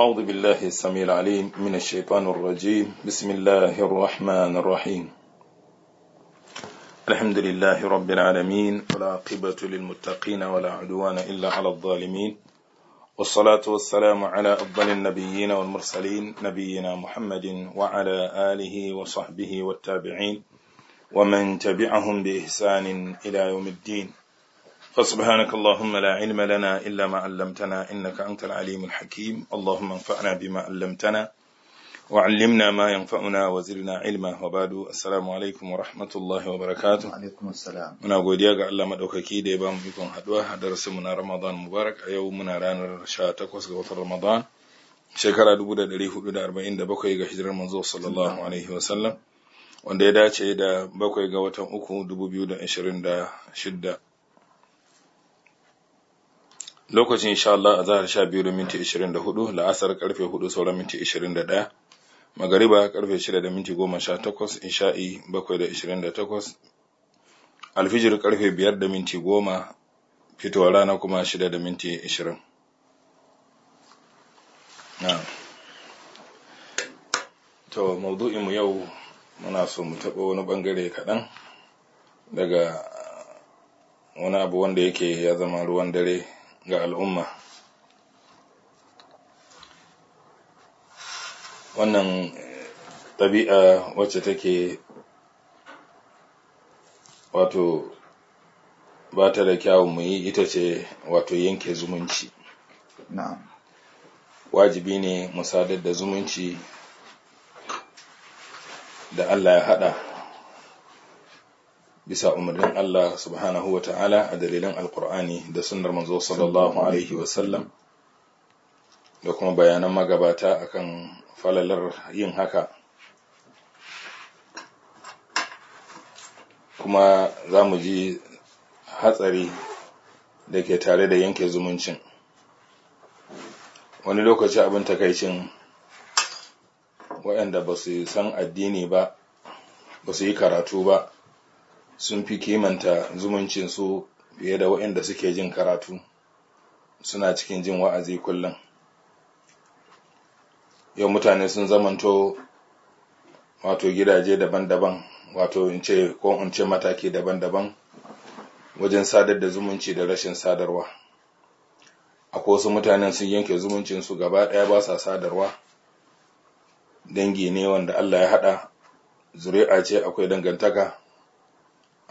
أعوذ بالله السميع العليم من الشيطان الرجيم بسم الله الرحمن الرحيم الحمد لله رب العالمين والعاقبة للمتقين ولا عدوان إلا على الظالمين والصلاة والسلام على أفضل النبيين والمرسلين نبينا محمد وعلى آله وصحبه والتابعين ومن تبعهم بإحسان إلى يوم الدين فسبحانك اللهم لا علم لنا إلا ما علمتنا إنك أنت العليم الحكيم اللهم انفعنا بما علمتنا وعلمنا ما ينفعنا وزلنا علما وبعد السلام عليكم ورحمة الله وبركاته وعليكم السلام muna godiya ga Allah maɗaukaki da ya ba mu ikon haduwa a darasin mu na Ramadan Mubarak a yau muna ranar 18 ga watan Ramadan shekara 1447 ga hijirar manzo sallallahu alaihi wanda ya dace da bakwai ga watan uku da shidda lokacin insha Allah a zahar sha biyu da minti ishirin da hudu la'asar karfe hudu sauran minti ishirin da daya magariba karfe shida da minti goma sha takwas isha'i bakwai da ishirin da takwas alfijir karfe biyar da minti goma fitowar rana kuma shida da minti ishirin to maudu'inmu yau muna so mu taɓa wani ɓangare kaɗan daga wani abu wanda yake ya zama ruwan dare ga al'umma wannan eh, ɗabi'a wacce take wato ba ta da kyawun mu yi ita ce wato yanke zumunci wajibi ne mu sadar da zumunci da Allah ya haɗa bisa umarnin Allah subhanahu wa ta'ala a dalilin alkur'ani da sunnar manzo sallallahu alaihi wasallam da kuma bayanan magabata a kan falalar yin haka kuma za mu ji hatsari da ke tare da yanke zumuncin wani lokaci abin takaicin waɗanda ba su san addini ba ba su yi karatu ba sun fi kimanta zumuncinsu fiye da waɗanda suke jin karatu suna cikin jin wa'azi kullum yau mutane sun zamanto wato gidaje daban-daban wato in ce ko in ce mataki daban-daban wajen sadar da zumunci da rashin sadarwa akwai wasu mutanen sun yanke zumuncinsu gaba ɗaya ba sa sadarwa dangi ne wanda Allah ya haɗa zuri'a ce akwai dangantaka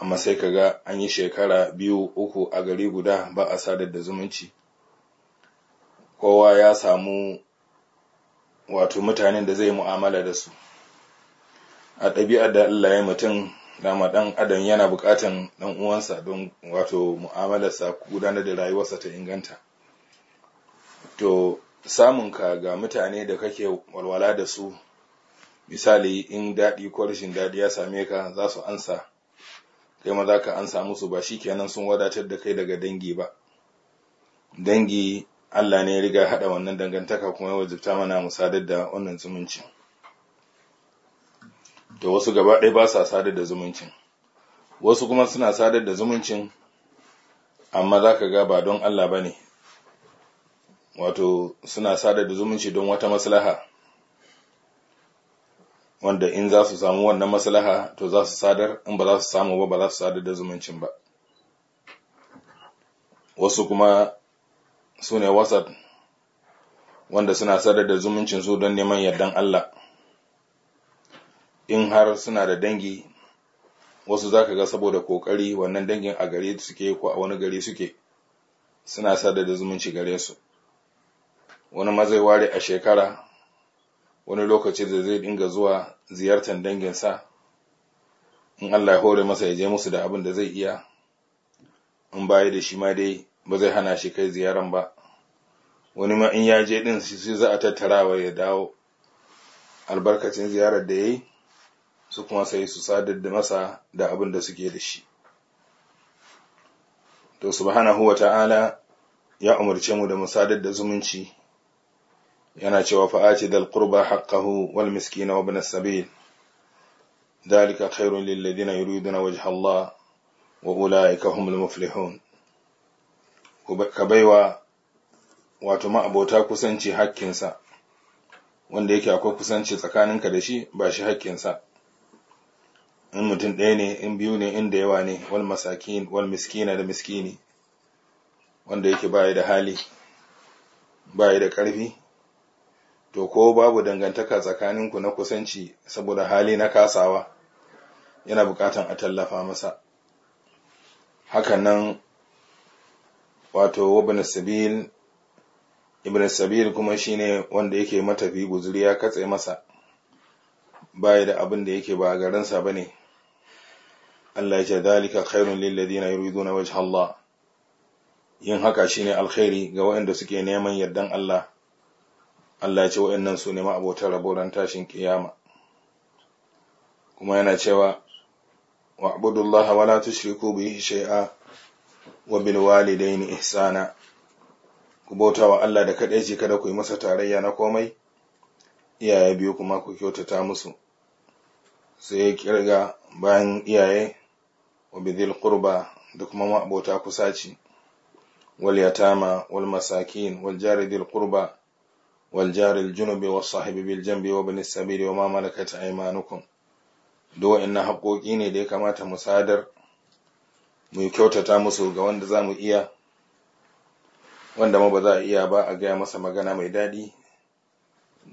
amma sai ka ga an yi shekara biyu uku a gari guda ba a sadar da zumunci kowa ya samu wato mutanen da zai mu'amala da su a ɗabi'ar da Allah ya mutum dama ɗan adam yana buƙatan ɗan uwansa don wato mu'amalarsa gudanar da rayuwarsa ta inganta to samun ka ga mutane da kake walwala da su misali in daɗi ko rashin daɗi ya same ka za su ansa kai ma za ka an musu ba shi kenan sun wadatar da kai daga dangi ba dangi Allah ne ya riga haɗa wannan dangantaka kuma ya wajibta mana mu sadar da wannan zumuncin to wasu gaba ɗaya ba sa sadar da zumuncin wasu kuma suna sadar da zumuncin amma za ka ga ba don Allah ba ne wato suna sadar da zumunci don wata maslaha wanda in za su samu wannan maslaha to za su sadar in ba za su samu ba ba za su sadar da zumuncin ba wasu kuma su ne wasat wanda suna sadar da zumuncin su don neman yardan Allah in har suna da dangi wasu za ka ga saboda kokari wannan dangin a gare suke ko a wani gari suke suna sadar da zumunci gare su wani mazai ware a shekara wani lokaci da zai dinga zuwa ziyartar danginsa in Allah ya hore masa ya je musu da abin da zai iya in baya da shi ma dai ba zai hana shi kai ziyaran ba wani ma in ya je din sai za a tattarawa ya dawo albarkacin ziyarar da ya yi su kuma sai su sadar da masa da abin da suke da shi to subhanahu wa ta'ala ya umarce mu da mu sadar da zumunci yana cewa fa'aci dal qurba haqqahu wal miskina wa ibn as-sabil dalika khairun lil ladina yuriduna wajha Allah wa ulaika humul muflihun ka baiwa wato ma'abota kusanci haƙƙinsa. wanda yake akwai kusanci tsakaninka da shi ba shi haƙƙinsa. in mutum ɗaya ne in biyu ne in da yawa ne wal masakin wal miskina da miskini wanda yake baya da hali baya da ƙarfi to ko babu dangantaka tsakaninku na kusanci saboda hali na kasawa yana bukatan a tallafa masa hakanan wato wabin sabil ibn sabil kuma shine wanda yake matafi guzuri ya katse masa baya da abin da yake ba garinsa bane Allah ya ce dalika khairun lil ladina yuriduna wajha Allah yin haka shine alkhairi ga waɗanda suke neman yardan Allah Allah ce waɗannan su ne ma'abotar rabo ran tashin kiyama kuma yana cewa wa abudullah wa la tushriku bihi shay'a wa bil walidayni ihsana ku bauta wa Allah da kaɗai ce kada ku yi masa tarayya na komai iyaye biyu kuma ku kyautata musu sai ya kirga bayan iyaye wa bidil qurba da kuma ma'abota kusaci wal yatama wal masakin wal jari والجار الجنب والصاحب بالجنب وابن السبيل وما ملكت أيمانكم duk wa'annan haƙoƙi ne da ya kamata mu sadar mu kyautata musu ga wanda za mu iya wanda ma ba za a iya ba a gaya masa magana mai daɗi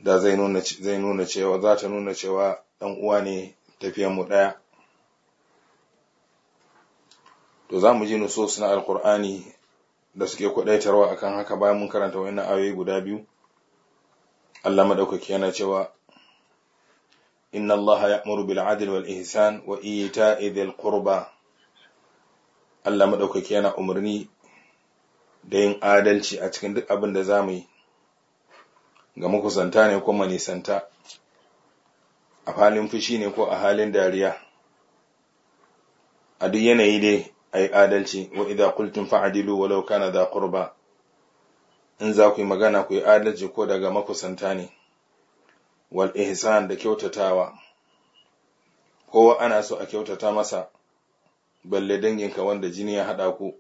da zai nuna cewa za ta nuna cewa ɗan uwa ne tafiyan mu ɗaya to za mu ji nusos na alkur'ani da suke kudaitarwa akan haka bayan mun karanta wa'annan ayoyi guda biyu Allah madaukaki yana cewa inna Allah muru bil adli wal ihsan wa ita'i dhil qurba Allah madaukaki yana umarni da yin adalci a cikin duk abin da zamu yi ga makusanta ne ko manisanta a halin fushi ne ko a halin dariya a duk yanayi dai ai adalci wa idza qultum fa'dilu walau kana dha qurba in za ku yi magana ku yi adalci ko daga makusanta ne wal ihsan da kyautatawa kowa ana so a kyautata masa balle danginka wanda jini ya haɗa ku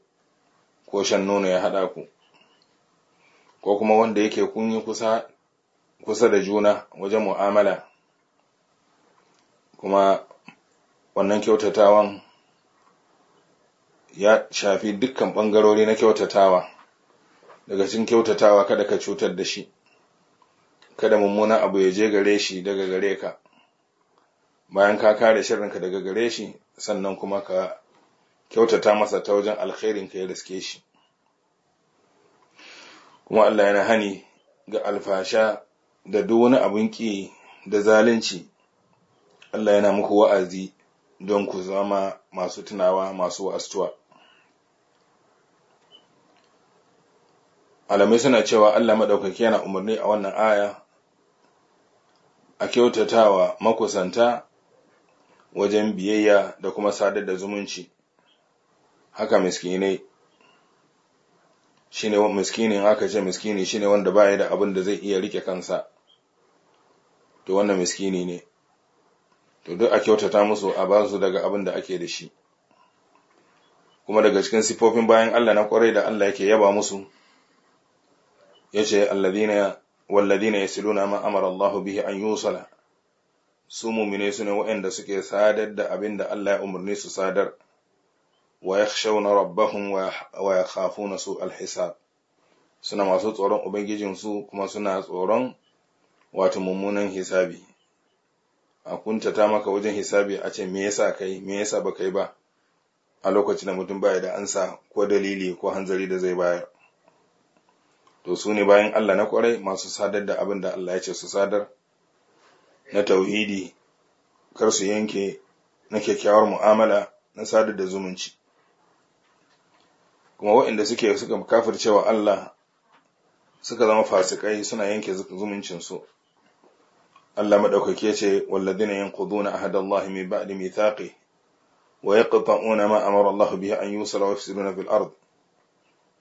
ko shan nono ya haɗa ku ko kuma wanda yake kun yi kusa kusa da juna wajen mu'amala kuma wannan kyautatawan ya shafi dukkan ɓangarori na kyautatawa daga cikin kyautatawa kada ka cutar da shi kada mummunan abu ya je gare shi daga gare ka bayan ka kare shirinka daga gare shi sannan kuma ka kyautata masa ta wajen alkhairin ka ya riske shi kuma Allah yana hani ga alfasha da duk wani abin ki da zalunci Allah yana muku wa'azi don ku zama masu tunawa masu wa'astuwa malamai suna cewa Allah maɗaukaki yana umarni a wannan aya a kyautatawa makusanta wajen biyayya da kuma sadar da zumunci haka miskinai shine miskini haka ce miskini shine wanda baya da abin da zai iya rike kansa to wannan miskini ne to duk a kyautata musu a ba su daga abin da ake da shi kuma daga cikin sifofin bayan Allah na kwarai da Allah yake yaba musu ya ce walladina ya siluna ma amara Allah bihi an yusala su mumine su ne waɗanda suke sadar da abin da Allah ya umarni su sadar wa ya shauna Rabahun, wa ya kafu na su alhisab suna masu tsoron ubangijinsu kuma suna tsoron wata mummunan hisabi a kuntata maka wajen hisabi a ce me yasa kai me yasa ba kai ba a lokacin da mutum baya da ansa ko dalili ko hanzari da zai bayar to su ne bayan Allah na kwarai masu sadar da abin da Allah ya ce su sadar na tauhidi kar su yanke na kyakkyawar mu'amala na sadar da zumunci kuma waɗanda suke suka kafircewa Allah suka zama fasikai suna yanke zumuncinsu Allah maɗaukaki ya ce walladina yanquduna ahadallahi mai ba'di mithaqi wa yaqta'una ma amara Allah bihi an yusala wa yafsiduna fil ard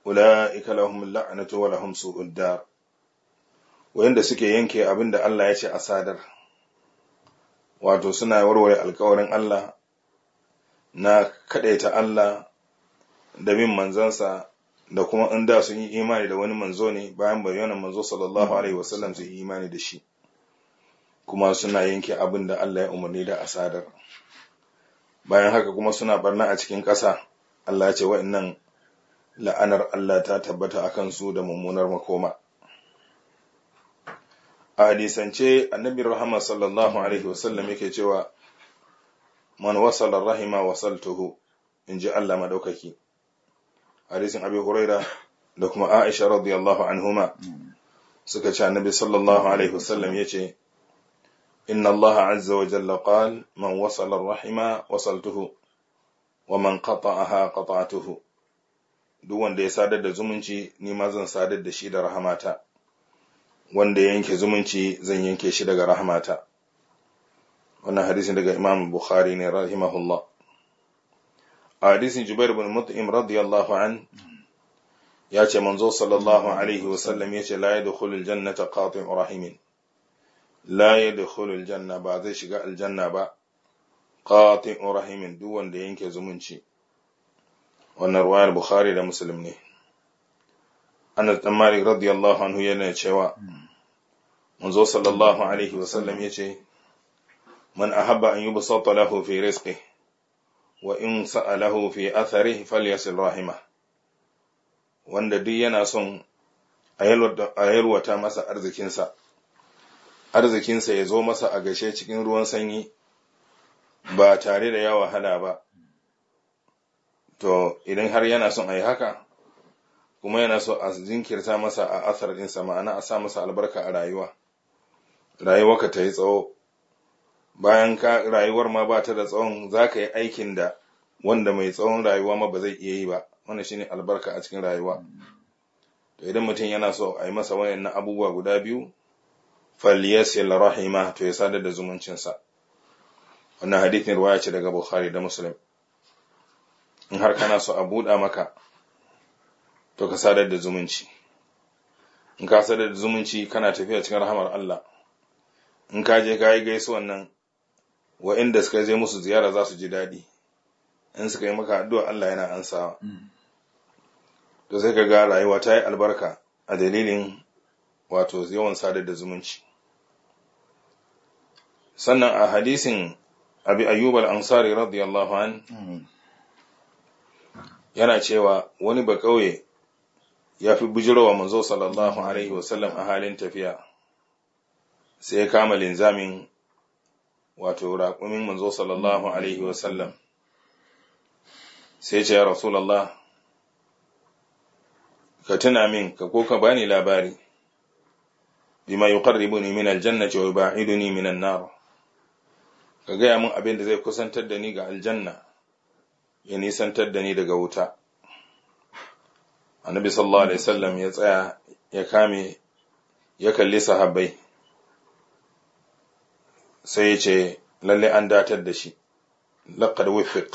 ula'ika lahum la'anatu wa lahum su'ud dar wayanda suke yanke abinda Allah ya ce a sadar wato suna warware alkawarin Allah na kadaita Allah da bin manzansa da kuma in da sun yi imani da wani manzo ne bayan bayyanan manzo sallallahu alaihi wasallam su yi imani da shi kuma suna yanke abin da Allah ya umarni da asadar bayan haka kuma suna barna a cikin ƙasa Allah ya ce wa'annan la'anar Allah ta tabbata a kansu da mummunar makoma. A hadisance, annabi Rahama sallallahu Alaihi wasallam yake cewa, Man wasalar rahima wasal tuhu, in ji Allah maɗaukaki. Hadisin Abi Huraira da kuma Aisha radiyallahu anhuma suka ce annabi sallallahu Alaihi wasallam ya ce, Inna Allah azza wa jalla qal man wasalar rahima wasal tuhu, wa man qata'aha qata'atuhu. duk wanda ya sadar da zumunci ni ma zan sadar da shi da rahamata wanda ya yanke zumunci zan yanke shi daga rahamata wannan hadisi daga Imam Bukhari ne rahimahullah a hadisin Jubair bin Mut'im radiyallahu an ya ce manzo sallallahu alaihi wasallam ya ce la yadkhulul jannata qati'u rahimin la yadkhulul janna ba zai shiga aljanna ba qati'u rahimin duk wanda yanke zumunci wannan ruwayar bukhari da muslim ne anas dan malik radiyallahu anhu yana cewa manzo sallallahu alaihi wasallam yace man ahabba an yubsata lahu fi rizqi wa in sa'alahu fi atharihi falyasil rahima wanda duk yana son a yalwata masa arzikinsa arzikinsa ya zo masa a gashe cikin ruwan sanyi ba tare da yawa wahala ba to idan har yana son a yi haka kuma yana so a jinkirta masa a asar ɗinsa ma'ana a sa masa albarka a rayuwa ka ta yi tsawo bayan ka rayuwar ma ba ta da tsawon za ka yi aikin da wanda mai tsawon rayuwa ma ba zai iya yi ba wannan shine albarka a cikin rayuwa to idan mutum yana so a yi masa wayannan abubuwa guda biyu falyasil rahima to ya sadar da zumuncinsa wannan hadithin ruwaya ce daga bukhari da muslim in har kana so a buɗa maka to ka sadar da zumunci in ka sadar da zumunci kana tafiya cikin rahamar Allah in ka je ka yi gaisuwan nan wa'inda suka je musu ziyara za su ji daɗi in suka yi maka addu'a Allah yana ansawa to sai ka ga rayuwa ta yi albarka a dalilin wato yawan sadar da zumunci sannan a hadisin abi ayyub al-ansari radiyallahu an yana cewa wani ba kauye ya fi bujirowa manzo sallallahu alaihi wasallam a halin tafiya sai ya kama linzamin wato raƙumin manzo sallallahu alaihi wasallam sai ce ya rasulallah ka tuna min ka ko ka bani labari bima yuqarribuni min aljanna cewa wa yub'iduni min an ka gaya min abin da zai kusantar da ni ga aljanna ya nisantar da ni daga wuta annabi sallallahu alaihi wasallam ya tsaya ya kame ya kalli sahabbai sai ya ce lalle an datar da shi Laƙar wufiq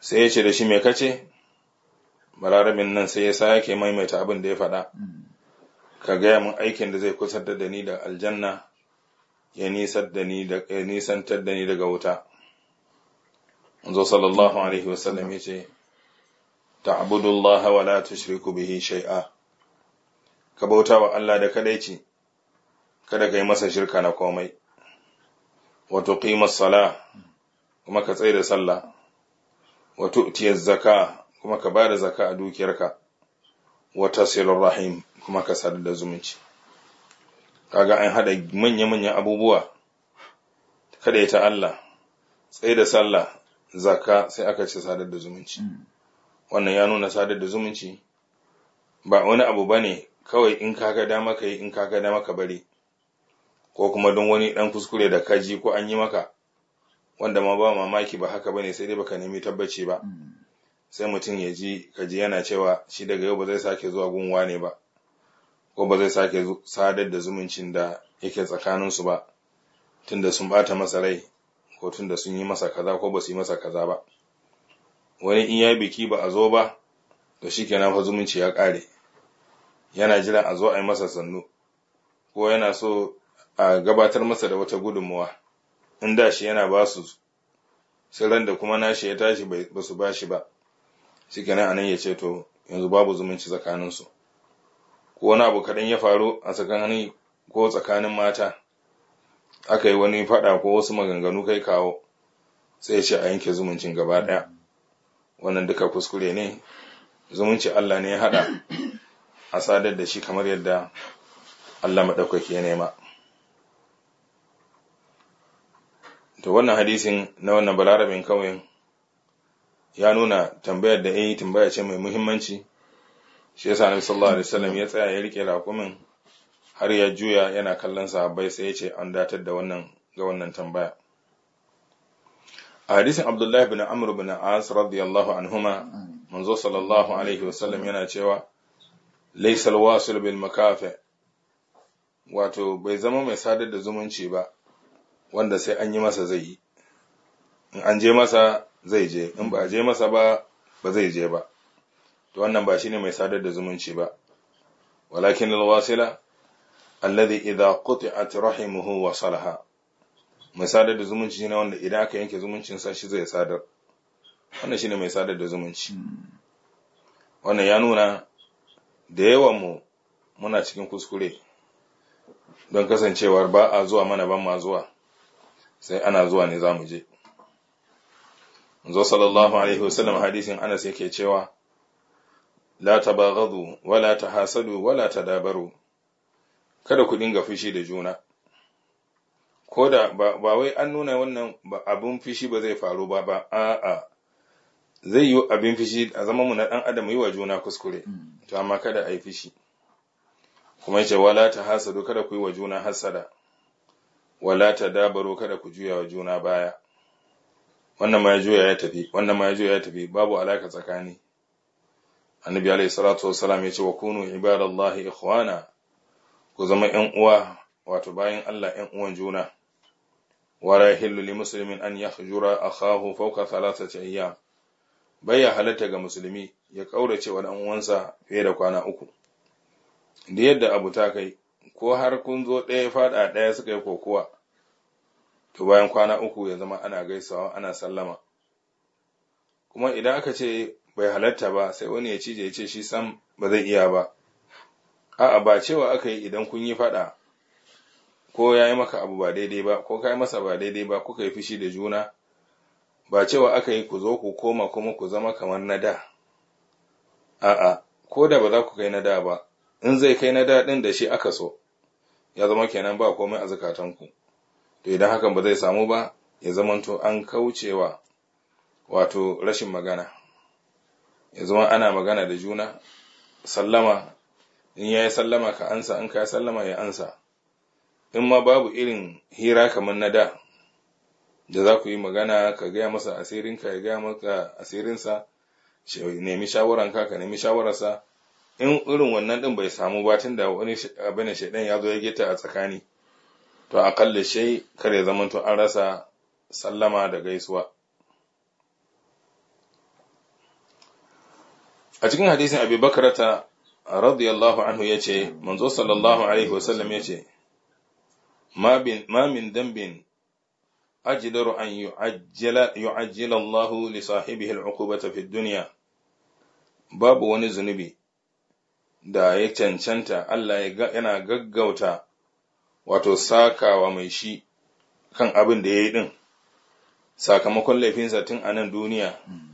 sai ya ce da shi me kace mararabin nan sai ya sa yake maimaita abin da ya faɗa ka gaya mun aikin da zai kusantar da ni da aljanna ya nisantar da ni daga wuta Anzo sallallahu alaihi wasallam yace ta'budullaha wa la tushriku bihi shay'a ka bauta wa Allah da kadaici kada kai masa shirka na komai wa tuqimus sala kuma ka tsaya da sallah wa tu'tiyaz zaka kuma ka bada zaka a dukiyarka wa tasilur rahim kuma ka sadu da zumunci kaga an hada manya-manyan abubuwa kada ta Allah tsaye da sallah Zaka sai aka ce sadar da zumunci mm. wannan ya nuna sadar da zumunci ba wani abu ba ne kawai in kaga dama ka yi in kaga dama ka bari ko kuma don wani ɗan kuskure da ka ji ko an yi maka wanda ma ba mamaki ba haka ba ne sai dai ba ka nemi tabbaci ba mm. sai mutum ya ji ka yana cewa shi daga yau ba zai sake zuwa gunwa ne ba ko ba zai sake sadar da zumuncin da yake tsakaninsu ba tunda sun bata masa rai Kotun da sun yi masa kaza ko ba su yi masa kaza ba wani in ya biki ba a zo ba to shi kenan fa zumunci ya ƙare yana jiran a zo a yi masa sannu ko yana so a gabatar masa da wata gudunmuwa in da shi yana ba su sirran da kuma nashi ya tashi ba su ba shi ba shi kenan anan ya ce to yanzu babu zumunci tsakaninsu ko wani abu kaɗan ya faru a tsakanin ko tsakanin mata aka yi wani faɗa ko wasu maganganu kai kawo sai ce a yanke zumuncin gaba ɗaya wannan duka kuskure ne zumunci Allah ne ya haɗa a sadar da shi kamar yadda Allah maɗaukaki ya nema to wannan hadisin na wannan balarabin kawai ya nuna tambayar da yi tambaya ce mai muhimmanci shi yasa Annabi sallallahu alaihi wasallam ya tsaya ya rike rakumin har ya juya yana kallon sahabbai sai ya ce an datar da wannan ga wannan tambaya a hadisin abdullahi bin amr bin as radiyallahu anhuma manzo sallallahu alaihi wasallam yana cewa laysal wasil bil makafi wato bai zama mai sadar da zumunci ba wanda sai an yi masa zai yi in an je masa zai je in ba a je masa ba ba zai je ba to wannan ba shine mai sadar da zumunci ba walakin alwasila alladhi idha quti'at rahimuhu wa salaha mai sadar da zumunci shine wanda idan aka yanke zumuncin sa shi zai sadar wannan shine mai sadar da zumunci wannan ya nuna da yawan mu muna cikin kuskure don kasancewar ba a zuwa mana ban ma zuwa sai ana zuwa ne zamu je zo sallallahu alaihi wasallam hadisin Anas yake cewa la tabaghadu wala tahasadu wala tadabaru kada ku dinga fushi da juna ko da ba wai an nuna wannan abin fushi ba zai faru ba ba a'a zai yi abin fushi a zama mu na dan adam yi wa juna kuskure to amma kada a yi fushi kuma yace wala ta hasadu kada ku yi wa juna hasada wala ta dabaro kada ku juya wa juna baya wannan ma ya juya ya tafi wannan ma ya juya ya tafi babu alaka tsakani annabi alaihi salatu wassalam yace wa kunu ibadallahi ikhwana ku zama ‘yan uwa, wato bayan Allah ‘yan uwan juna, wara hillu li musulmin an ya jura a kahu fauka salasa ce iya, bai ya halatta ga musulmi ya ƙaurace wa uwansa fiye da kwana uku. Da yadda abu ta kai, ko har kun zo ɗaya faɗa ɗaya suka yi kokowa, to bayan kwana uku ya zama ana gaisawa ana sallama. Kuma idan aka ce bai halatta ba sai wani ya cije ya ce shi sam ba zai iya ba. a'a ba cewa aka yi idan kun yi faɗa ko ya yi maka abu ba daidai ba ko ka yi masa ba daidai ba kuka yi fushi da juna ba cewa aka yi ku zo ku koma kuma ku zama kamar na da a'a ko da ba za ku kai na da ba in zai kai na da ɗin da shi aka so ya zama kenan ba komai a zukatanku to idan hakan ba zai samu ba ya zamanto an kaucewa wato rashin magana ya zama ana magana da juna sallama in ya yi sallama ka ansa in ka sallama ya ansa in ma babu irin hira kamar na da da za ku yi magana ka gaya masa asirinka ya gaya maka asirinsa nemi shawaranka ka nemi shawararsa in irin wannan din bai samu ba tun da wani abin shaidan ya zo ya geta a tsakani to akalla shai kar ya zamanto an rasa sallama da gaisuwa a cikin hadisin abi bakarata radiyallahu anhu ya ce manzo sallallahu alaihi wasallam ya ce ma min dambin أجدر أن يعجل li sahibihi لصاحبه fi في babu wani ونزنبي da ya cancanta Allah yana gaggauta wato sakawa mai shi kan abin da ya yi ɗin sakamakon laifinsa tun a nan duniya hmm.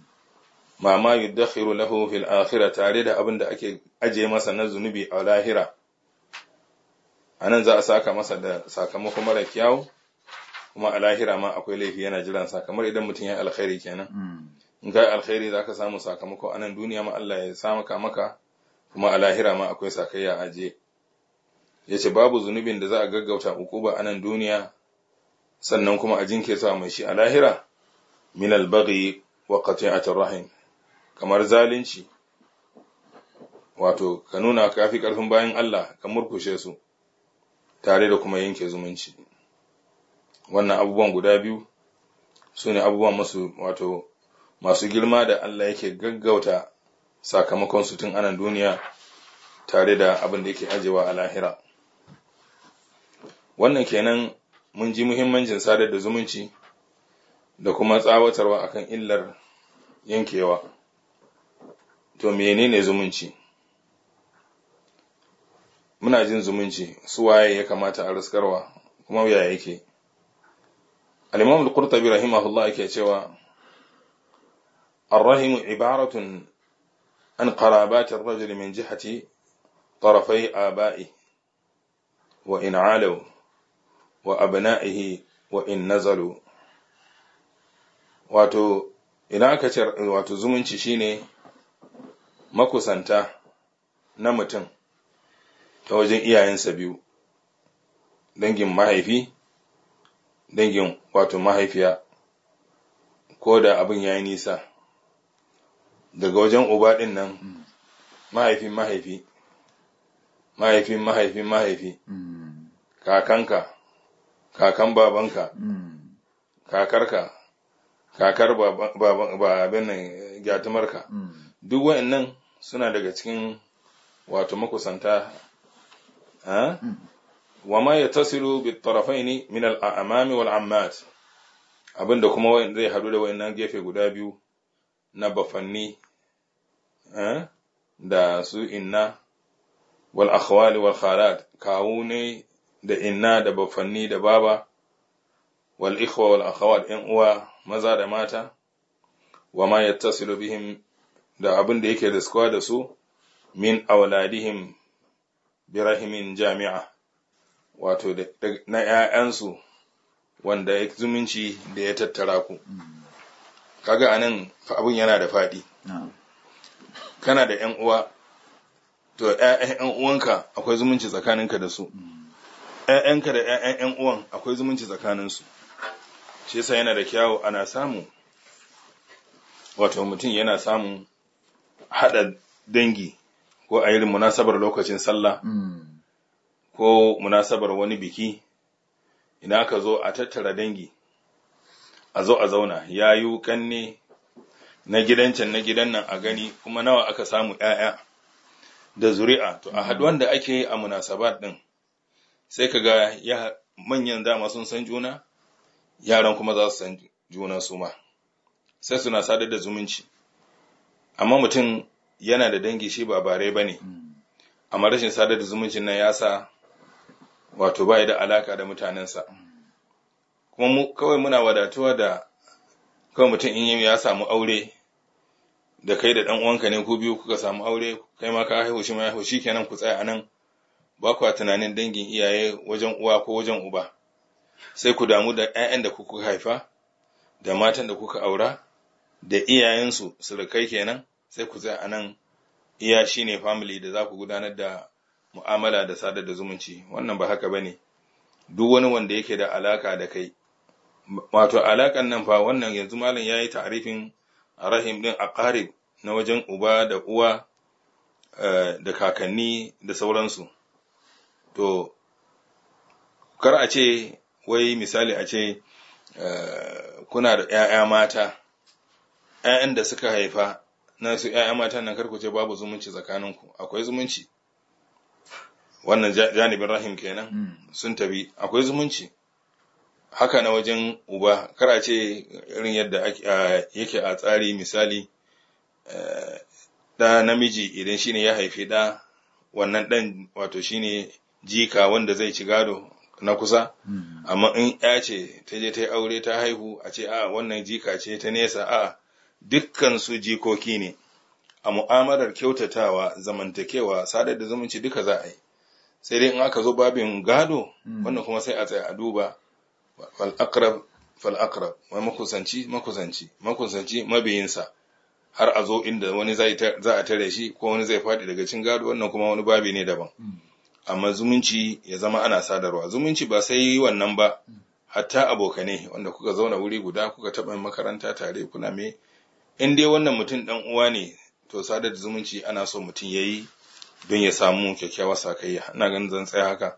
ma ma yuddakhiru lahu fil akhirah tare da abin da ake aje masa na zunubi a lahira anan za a saka masa da sakamako mara kyau kuma a lahira ma akwai laifi yana jiran sa kamar idan mutum ya alkhairi kenan hmm. in kai alkhairi zaka samu sakamako anan duniya ma Allah ya sa maka maka kuma a lahira ma akwai sakayya aje yace babu zunubin da za a gaggauta hukuba anan duniya sannan kuma a sa mai shi a lahira min albaghi wa qati'atir rahim kamar zalunci wato ka nuna ka fi ƙarfin bayan Allah ka murkushe su tare da kuma yanke zumunci wannan abubuwan guda biyu su ne abubuwan masu wato masu girma da Allah yake gaggauta sakamakon su tun anan duniya tare da abin da yake ajewa a lahira wannan kenan mun ji muhimmancin sadar da zumunci da kuma tsawatarwa akan illar yankewa to menene zumunci muna jin zumunci su waye ya kamata a raskarwa kuma ya yake al-imam al-qurtubi rahimahullah yake cewa الرحم عبارة عن قرابات الرجل من wa in آبائه wa abna’ihi wa in nazalu. wato ina ka wato zumunci shine makusanta na mutum ta wajen iyayensa biyu dangin mahaifi dangin wato mahaifiya ko da abin ya yi nisa daga wajen uba ɗin nan mahaifin mahaifi mahaifin mahaifin mahaifi kakanka kakan babanka kakarka kakar ba abin nan gyatumarka mm. duk nan suna daga cikin wato makusanta hmm. wa ma ya tasiru bi ne min al'amami wal abinda kuma zai hadu da wayannan gefe guda biyu na bafanni da su inna wal akhwali wal kawu ne da inna da bafanni da baba wal ikhwa wal yan uwa maza da mata wa ma tasiru bihin? da abin da yake riskuwa da su min auladihim birahimin jami'a wato na ‘ya'yansu wanda ya zumunci da ya tattara ku kaga anan abin yana da faɗi kana da ‘yan uwa to ‘ya'yan uwanka akwai zumunci tsakaninka da su ‘ya'yanka da ‘ya'yan uwan akwai zumunci tsakaninsu shi yasa yana da kyawu ana samu wato mutum yana samun haɗa dangi ko a yi munasabar lokacin sallah ko munasabar wani biki ina ka zo a tattara dangi a zo a zauna ya yi kanne na gidancan na gidan nan a gani kuma nawa aka samu ‘ya'ya da zuri'a to a haɗu wanda ake a munasabar ɗin sai ka ga manyan dama sun san juna yaran kuma za su san juna su ma sai suna sadar da zumunci amma mutum yana da dangi shi ba bare ba ne amma rashin sadar da zumuncin nan ya sa wato ba da alaka da mutanensa kuma kawai muna wadatuwa da kawai mutum in ya samu aure da kai da ɗan uwanka ne ku biyu kuka samu aure kai ma ka haihu shi ma haihu shi kenan ku tsaya anan ba kuwa tunanin dangin iyaye wajen uwa ko wajen uba sai ku damu da 'ya'yan da kuka haifa da matan da kuka aura da iyayensu surukai kenan sai ku tsaya anan iya shine family da za ku gudanar da mu'amala da sadar da zumunci wannan ba haka bane duk wani wanda yake da alaka da kai wato alakan nan fa wannan yanzu malam ya yi ta'rifin rahim din aqarib na wajen uba da uwa eh, da kakanni da sauransu to kar a ce wai misali a ce eh, kuna da 'ya'ya mata ‘ya'yan da suka haifa na su ‘ya'ya matan nan karku ce babu zumunci tsakaninku akwai zumunci wannan janibin rahim kenan hmm. sun tabi akwai zumunci haka na wajen uba kara ce irin yadda yake a tsari misali eh, ɗa namiji idan shine ya haifi ɗa wannan ɗan wato shine jika wanda zai ci gado na kusa hmm. amma in ya ce ta je ta yi aure ta haihu a ce a wannan jika ce ta nesa a'a. su jikoki ne a mu'amalar kyautatawa zamantakewa sadar da zumunci duka za a yi sai dai in aka zo babin gado hmm. wannan kuma sai a tsaya a duba fal'akrab fal'akrab wani makusanci makusanci makusanci mabiyinsa har a zo inda wani za a tare shi ko wani zai faɗi daga cin gado wannan kuma wani babi ne daban hmm. amma zumunci ya zama ana sadarwa zumunci ba sai wannan ba hmm. hatta abokane wanda kuka zauna wuri guda kuka taɓa makaranta tare kuna me in dai wannan mutum ɗan uwa ne to sadar zumunci ana so mutum ya yi don ya samu kyakkyawar sakayya ina ganin zan tsaya haka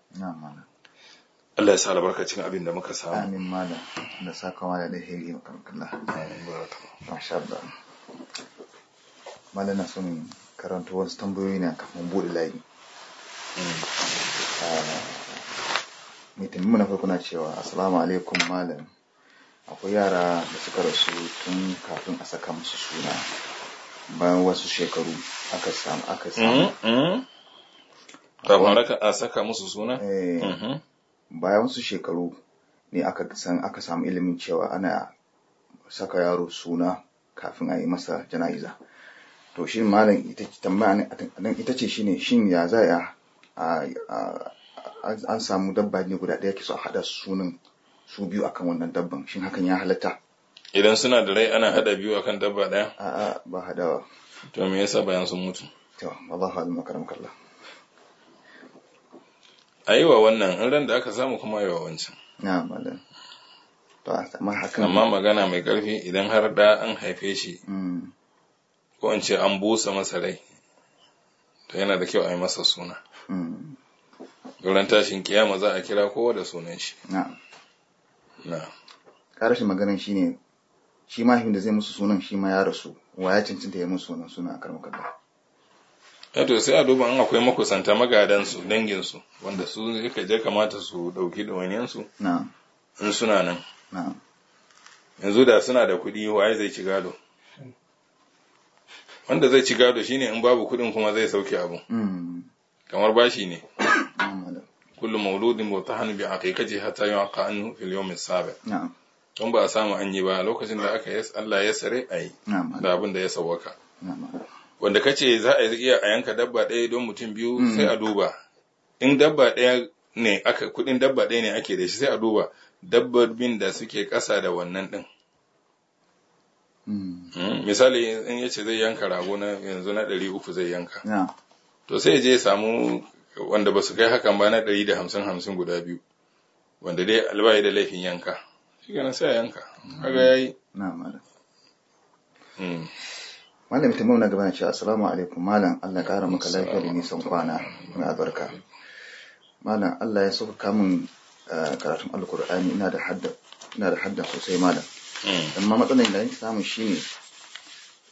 Allah ya sa albarkacin abin da muka samu amin malam da saka wa da amin makarkallah masha Allah malam na son karanta wasu tambayoyi ne kafin bude layi mm. ah, mai muna na farko na cewa assalamu alaikum malam akwai yara da suka rasu tun kafin a saka musu suna bayan wasu shekaru aka samu aka samu mm, mm. kafin a saka musu suna eh. mm-hmm. bayan wasu shekaru ne aka san aka samu ilimin cewa ana saka yaro suna kafin a yi masa jana'iza to shi malam ita tambaya nan ita ce shine shin ya za a an samu dabba ne guda ɗaya ke so a haɗa sunan su biyu akan wannan dabban shin hakan ya halatta idan suna da rai ana hada biyu akan dabba daya a'a ba hadawa to me yasa bayan sun mutu to Allahu alim kalla aiwa wannan in ran da aka samu kuma yawa wancan na'am malam to amma hakan amma magana mai karfi idan har da an haife shi mm. ko in ce an busa masa rai to yana da kyau a yi masa suna. Mm. Duran tashin kiyama za a kira kowa da sunan shi. Na'am. ƙarashi maganin shi ne shi ma da zai musu sunan shi ma ya rasu wa ya cancanta ya musu wannan suna a karmakar da. Yato eh, sai a duba an akwai makusanta magadansu danginsu wanda su suka je kamata su ɗauki ɗawainiyansu in suna nan. Yanzu da suna da kuɗi ya zai ci gado. Wanda zai ci gado shine in babu kuɗin kuma zai sauke abu. Mm. Kamar bashi ne. كل مولود mutahanu bi حتى hatta yuqa في اليوم السابع نعم sabiq na'am don ba a samu an yi ba lokacin da aka yas Allah ya sare ayi da abin da ya sawaka wanda kace za a iya a yanka dabba ɗaya don mutum biyu mm. sai a duba in dabba ɗaya ne aka kudin dabba ɗaya ne ake da shi sai a duba bin da suke ƙasa da wannan ɗin mm. hmm? misali in yace zai yanka rago na yanzu na ɗari uku zai yanka to sai je samu wanda ba su kai hakan ba na ɗari da hamsin hamsin guda biyu wanda dai albayi da laifin yanka shi ganin sai yanka kaga ya yi. malam hmm. malam mauna gaba na cewa assalamu alaikum malam Allah kara maka lafiya da nisan kwana mai albarka malam Allah ya sauka kamun eh, karatun alkur'ani ina da hadda ina da hadda sosai malam hmm. amma matsalar da nake samu shine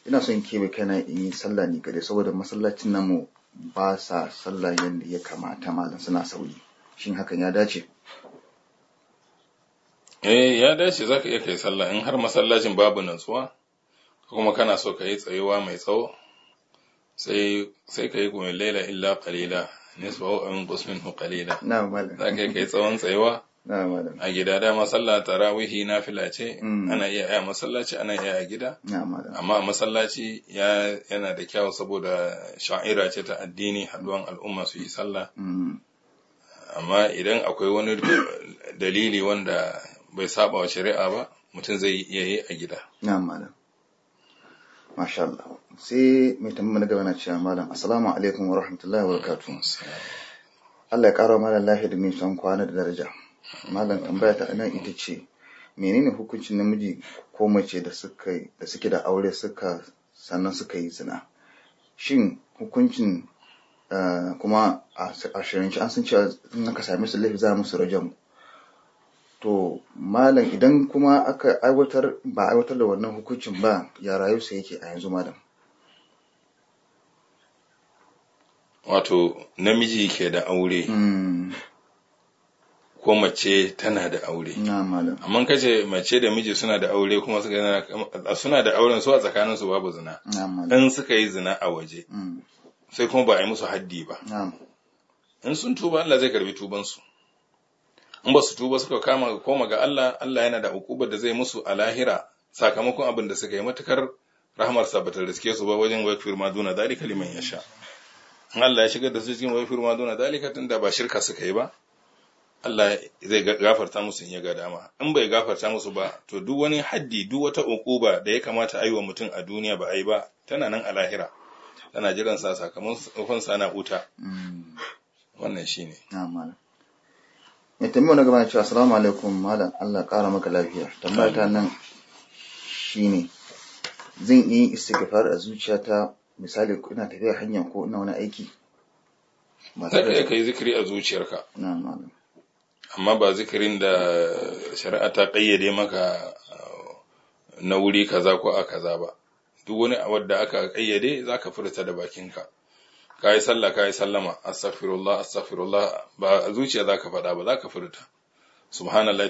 ina son kebe kana in yi sallah ne gare saboda masallacin namu ba sa sallah yadda ya kamata malam suna sauyi. shin hakan ya dace eh ya dace zaka iya kai sallah in har masallacin babu nutsuwa kuma kana so ka yi tsayuwa mai tsawo sai sai ka yi kuma laila illa qalila nisbahu min qismin qalila na malam zaka iya kai tsawon tsayuwa a gida dama sallah tarawihi na filace mm. ana iya aya masallaci ana iya a gida amma masallaci yana da kyau saboda sha'ira ce ta addini haduwan al'umma su yi sallah mm. amma idan akwai wani dalili wanda bai saba wa shari'a ba mutum zai iya yi a gida Masha Allah. Sai mai tambar gaba na cewa malam, Assalamu alaikum wa rahmatullahi wa barakatuh. Allah ya ƙara mana lahi da min san kwana da daraja. malam tambaya ta nan ita ce menene hukuncin namiji ko mace da suka da suke da aure suka sannan suka yi zina shin hukuncin eh, kuma a shirinci an san cewa in aka same su laifi za mu musu rajan to malam idan kuma aka aiwatar ba aiwatar da wannan hukuncin ba ya rayu sai yake a yanzu malam wato namiji ke da aure hmm. ko mace tana da aure amma ce mace da miji suna da aure kuma suka suna da auren su a tsakanin su babu zina in suka yi zina a waje mm. sai kuma ba a yi musu haddi ba in sun tuba Allah zai karbi tubansu in ba su tuba suka kama koma ga Allah Allah yana da hukubar da zai musu a lahira sakamakon abin da suka yi matukar rahmar sa bata riske su ba wajen wayfir ma duna zalika liman yasha in Allah ya shigar da su cikin wayfir ma duna zalika tunda ba shirka suka yi ba Allah zai gafarta musu in ya ga dama in bai gafarta musu ba to duk wani haddi duk wata ukuba da ya kamata a yi wa mutum a duniya ba a yi ba tana nan a lahira tana jiran sa sakamakon sana uta mm. wannan shine amin ya eh, tambaye wani gaba cewa assalamu alaikum malam Allah kara maka lafiya tambaya ta nan shine zan yi istighfar a zuciyata misali ina tafiya hanya ko ina wani aiki ba tare kai zikiri a zuciyarka na'am malam amma ba zikirin da shari'a ta ƙayyade maka uh, na wuri kaza ko a kaza ba duk wani wadda aka ƙayyade za ka furta da bakinka ka yi sallah ka yi sallama astaghfirullah astaghfirullah ba zuciya za ka faɗa ba za ka furta subhanallah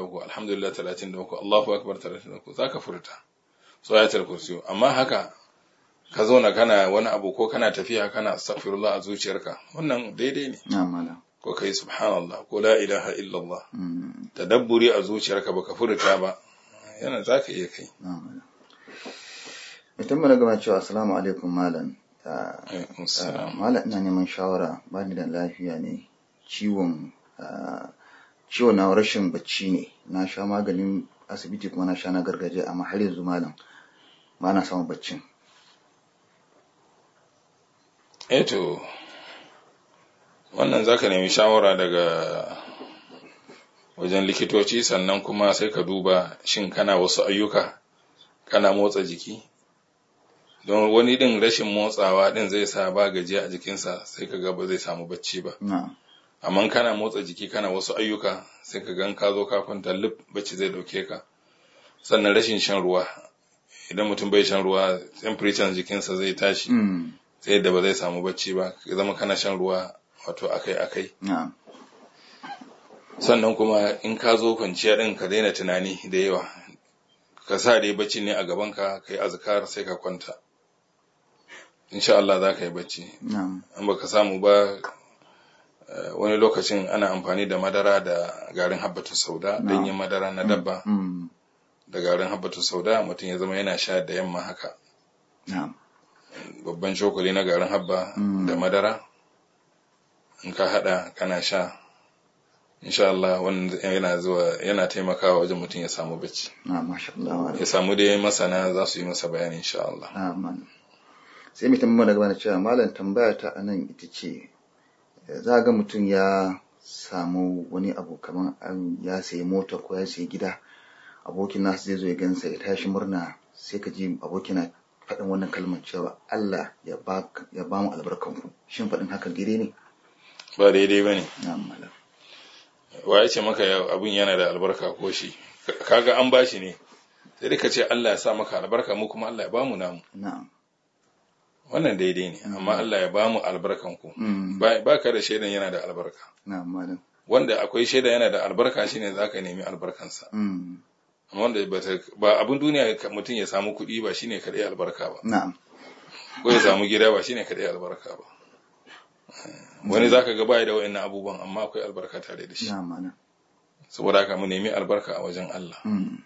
uku alhamdulillah uku allahu akbar uku za ka furta tsayatul kursi amma haka ka zauna kana wani abu ko kana tafiya kana astaghfirullah a zuciyarka wannan daidai ne na'am ko kai subhanallah ko la ilaha illallah tadabburi a zuciyarka baka furta ba yana za ka iya kai mutum mana gama cewa assalamu alaikum malam malam ina neman shawara ba ni da lafiya ne ciwon ciwon na rashin bacci ne na sha maganin asibiti kuma na sha na gargajiya amma har yanzu malam ba na samun baccin eto eh wannan za ka nemi shawara daga wajen likitoci sannan kuma sai ka duba shin kana wasu ayyuka kana motsa jiki don wani din rashin motsawa din zai sa ba gajiya a jikinsa sai ka ga zai samu bacci ba amma kana motsa jiki kana wasu ayyuka sai ka gan ka zo ka kwanta bacci zai dauke ka sannan rashin shan ruwa idan mutum bai shan ruwa temperature jikinsa zai tashi sai mm. da ba zai samu bacci ba zama kana shan ruwa wato akai-akai sannan kuma in ka zo kwanciya din ka daina tunani da yawa ka sa dai bacci ne a gaban ka yi azkar sai ka kwanta insha Allah za ka yi bacci in ba ka samu ba eh, wani lokacin ana amfani da madara da garin habbatu sauda yin madara na dabba mm, mm. da garin habbatu sauda mutum ya zama yana sha da yamma haka babban cokali na garin habba mm. da madara in ka haɗa kana sha insha Allah wannan yana zuwa yana taimakawa wajen mutum ya samu bacci ya samu dai masana za su yi masa bayani insha Allah sai mai tambaya gaba na cewa malam tambaya ta anan ita ce za ga mutum ya samu wani abu kamar an ya sayi mota ko ya sayi gida abokin nasu zai zo ya gansa ya tashi murna sai ka ji abokina faɗin wannan kalmar cewa Allah ya ba mu albarkanku shin faɗin hakan gire ne ba daidai ba ne wa ya ce maka abin yana da albarka ko shi kaga an bashi ne sai dai ka ce Allah ya sa maka albarka mu kuma Allah ya ba mu namu wannan daidai ne amma mm-hmm. Allah ya mu albarkan ku mm-hmm. ba ka da shaidan yana da albarka wanda akwai shaidan yana da albarka shine ka nemi albarkansa mm-hmm. wanda ba abin duniya mutum ya samu kuɗi ba shine kadai albarka ba ko ya samu gida ba shine kadai albarka ba wani zaka ga bai da wayannan abubuwan amma akwai albarka tare da shi saboda haka mu nemi albarka a wajen Allah mm.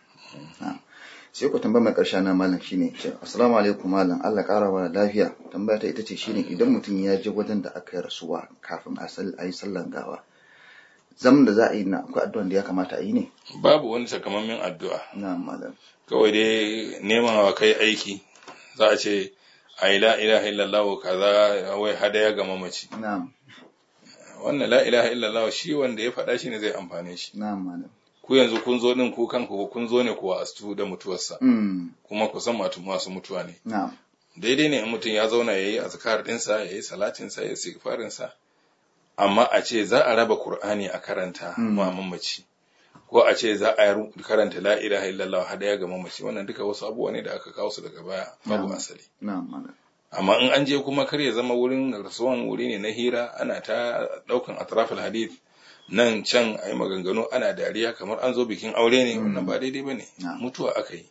sai ku tambaya mai karshe na malam shine assalamu alaikum malam Allah ƙara wa lafiya tambaya ta ita ce shine idan mutum ya je wajen da aka yi rasuwa kafin a yi sallan gawa zaman da za a yi na akwai addu'an da ya kamata a yi ne babu wani sakamammen addu'a na'am malam kawai dai neman wa kai aiki za a ce ai la ilaha illallah kaza wai hadaya ga mamaci na'am wannan la ilaha illallah shi wanda ya faɗa shi ne zai amfane shi ku yanzu kun zo din ku kanku kun zo ne kuwa su da mutuwarsa mm. kuma ku san masu mutuwa ne daidai ne in mutum ya zauna yayi azkar dinsa yayi salatin sa yayi yi sa amma a ce za a raba Kur'ani a karanta mm. ma mamaci ko a ce za a karanta la ilaha illallah hadaya ga mamaci wannan duka wasu abubuwa ne da aka kawo su daga baya babu asali amma in an je kuma kar ya zama wurin rasuwan wuri ne na hira ana ta daukan atrafal hadith nan can ai maganganu ana dariya kamar an zo bikin aure ne mm. wannan ba daidai bane mutuwa aka yi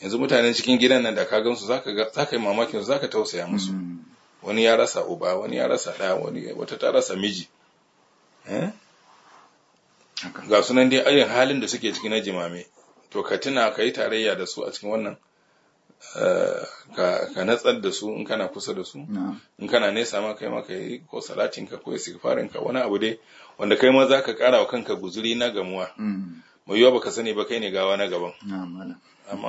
yanzu mutanen cikin gidan nan da ka gamsu zaka zaka yi mamakin zaka tausaya musu mm. wani ya rasa uba wani ya rasa ɗa wani wata ta rasa miji eh ga sunan dai irin halin da suke ciki na jimame to ka tuna ka yi tarayya da su a cikin wannan eh, ka natsar da su in kana kusa da su in kana nesa ma kai ma kai ko salatin ka ko istighfarin ka wani abu dai wanda kai ma ka kara wa kanka guzuri na gamuwa mm. mai yiwa baka sani ba kai ne gawa na gaban amma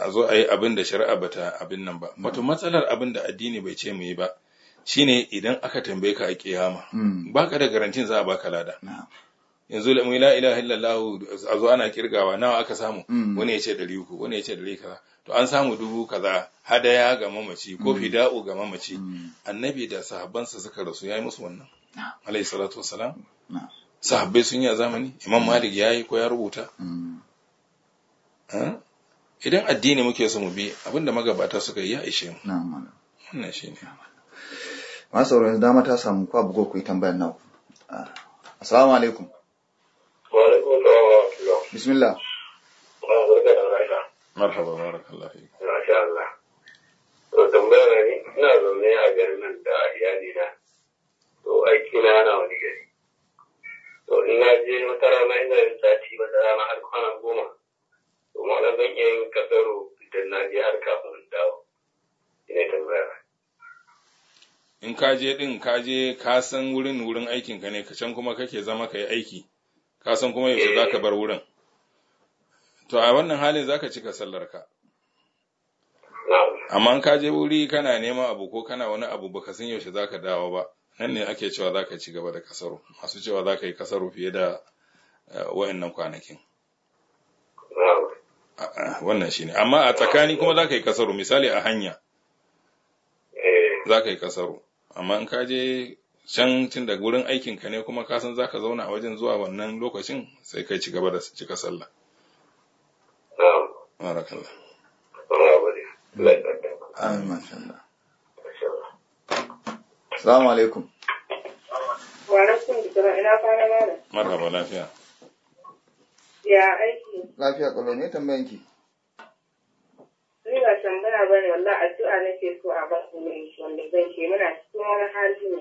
a zo a yi abin da shari'a bata abin nan ba wato matsalar abin da addini bai ce mu yi ba shine idan aka tambaye ka a kiyama hmm. baka da garantin za a baka lada yanzu la ilaha illallah a zo ana kirgawa nawa aka samu hmm. wani ya ce 300 wani ya ce 100 kaza to an samu dubu kaza hadaya ga mamaci ko hmm. fida'u ga mamaci annabi da sahabbansa suka rasu yayi musu wannan alayhi salatu wassalam sahabbai sun yi zamani imam malik yayi ko ya rubuta idan addini muke so mu bi abinda magabata suka yi ya ishe mu wannan shine masu sauran dama ta samu kwa bugo ku yi tambayar nawa ah, assalamu alaikum wa alaikum assalam wa rahmatullah bismillah marhaba barakallahu fiik masha Allah to tambayar ne. ina zaune a garin nan da iyali na to aiki na ana wani gari to ina je wata rana ina yin sati wata rana har kwana goma to ma zan iya yin kasaro idan na je har kafin dawo ina tambayar in ka je din ka je ka san wurin wurin aikin ka ne ka can kuma kake zama ka yi aiki ka san kuma yaushe za ka bar wurin to a wannan halin za ka cika sallar ka amma ka je wuri kana neman abu ko kana wani abu baka san yaushe za ka dawo ba nan ne ake cewa za ka ci gaba da kasaro masu cewa za ka yi kasaro fiye da eh, wa'annan kwanakin wannan shine amma a tsakani kuma za ka yi kasaro misali a hanya eh. za ka yi kasaro amma in ka je can tun da wurin aikinka ne kuma ka san za ka zauna a wajen zuwa wannan lokacin sai kai ci gaba da cika sallah na'am barakallah amin masha Allah assalamu alaikum wa alaikum assalam ina fara Mara marhaba lafiya ya aiki lafiya kwallo ne tambayanki ba tambaya ba ne addu'a nake so a ba ku ne wanda zan ce muna cikin wani hali ne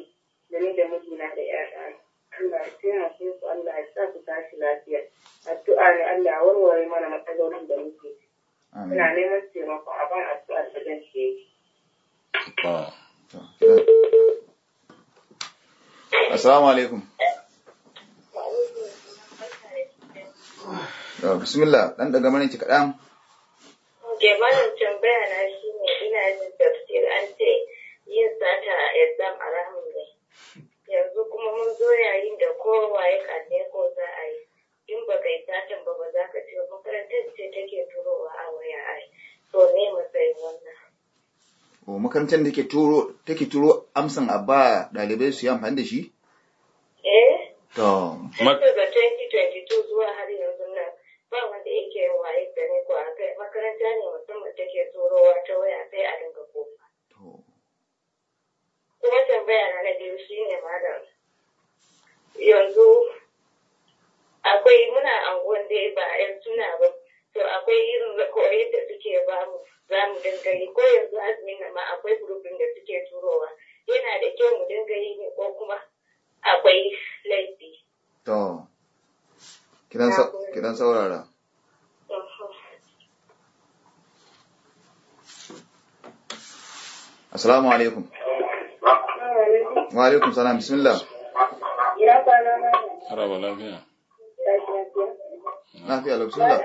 da ni da mijina da ƴaƴa Allah ya taimake su Allah ya sa ku tashi lafiya addu'a ne Allah ya warware mana matsalolin da muke ina neman taimako a ban addu'a da zan ce Assalamu alaikum. Bismillah, ɗan daga mana ki kaɗan. Ok, malam tambaya na shi ne ina jin tafsir an ce yin sata a exam a ramin ne. Yanzu kuma mun zo yayin da kowa ya kalle ko za a yi. In ba kai satin ba ba za ka ce makarantar ce take turowa a waya ai. To ne matsayin wannan. O oh, makarantar da take turo amsan a ba ɗalibai su yi amfani da shi? Eh. To. Tun daga 2022 zuwa har yanzu nan ba wanda yake yin waye gani ko a kai makaranta ne musamman take turowa ta waya sai a dinga kofa. Kuma tambaya na na biyu shi ne malam. Yanzu akwai muna anguwan dai ba yan suna ba to akwai irin koyon da suke ba mu za mu dinga yi ko yanzu azumi na ma akwai gurubin da suke turowa yana da kyau mu dinga yi ne ko kuma akwai laifi. Kidan saurara? Assalamu alaikum. Wa alaikum salam, bismillah. Haraba lafiya. Lafiya, bismillah.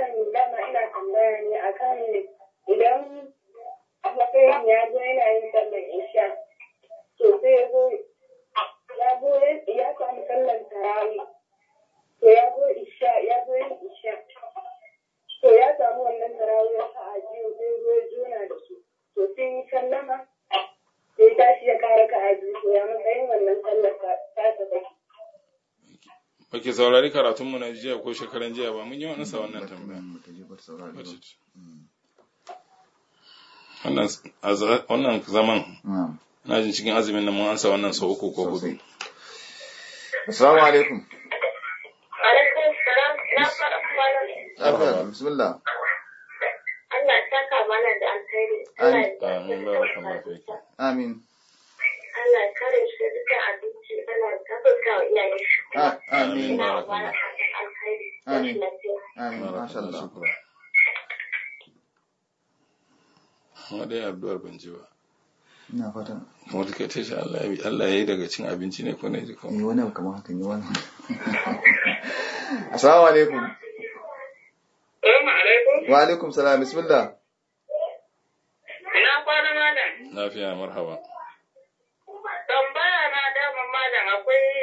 karatun mu na jiya ko shekaran jiya ba mun yi wani sa wannan tambaya mm. wannan zaman na jin cikin azumin nan mun ansa wannan sau uku ko hudu assalamu alaikum alaikum salam na fara bismillah ban ji ba ina fata kuma duka ta shi Allah Allah yi daga cin abinci ne ko ne ji ko wani abu kamar haka ni wannan assalamu alaikum assalamu alaikum wa alaikum salam bismillah ina kwana madan lafiya marhaba tambaya na da malam akwai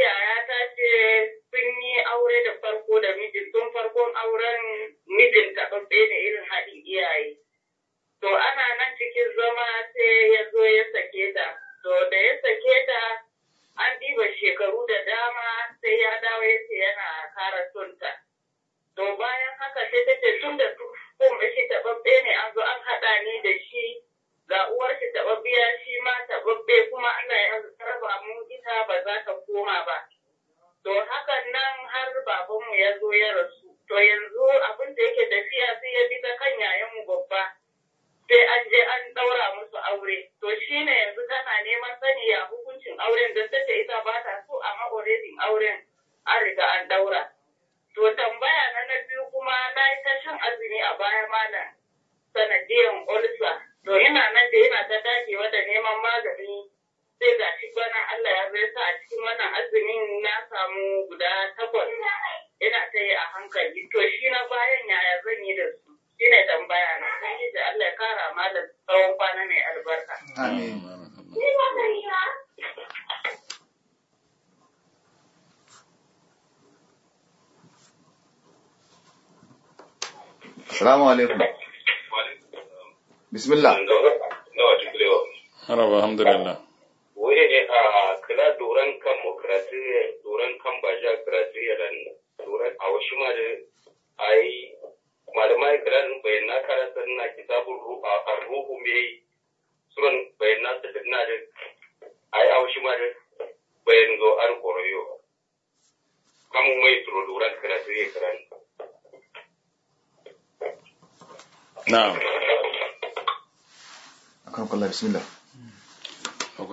Allah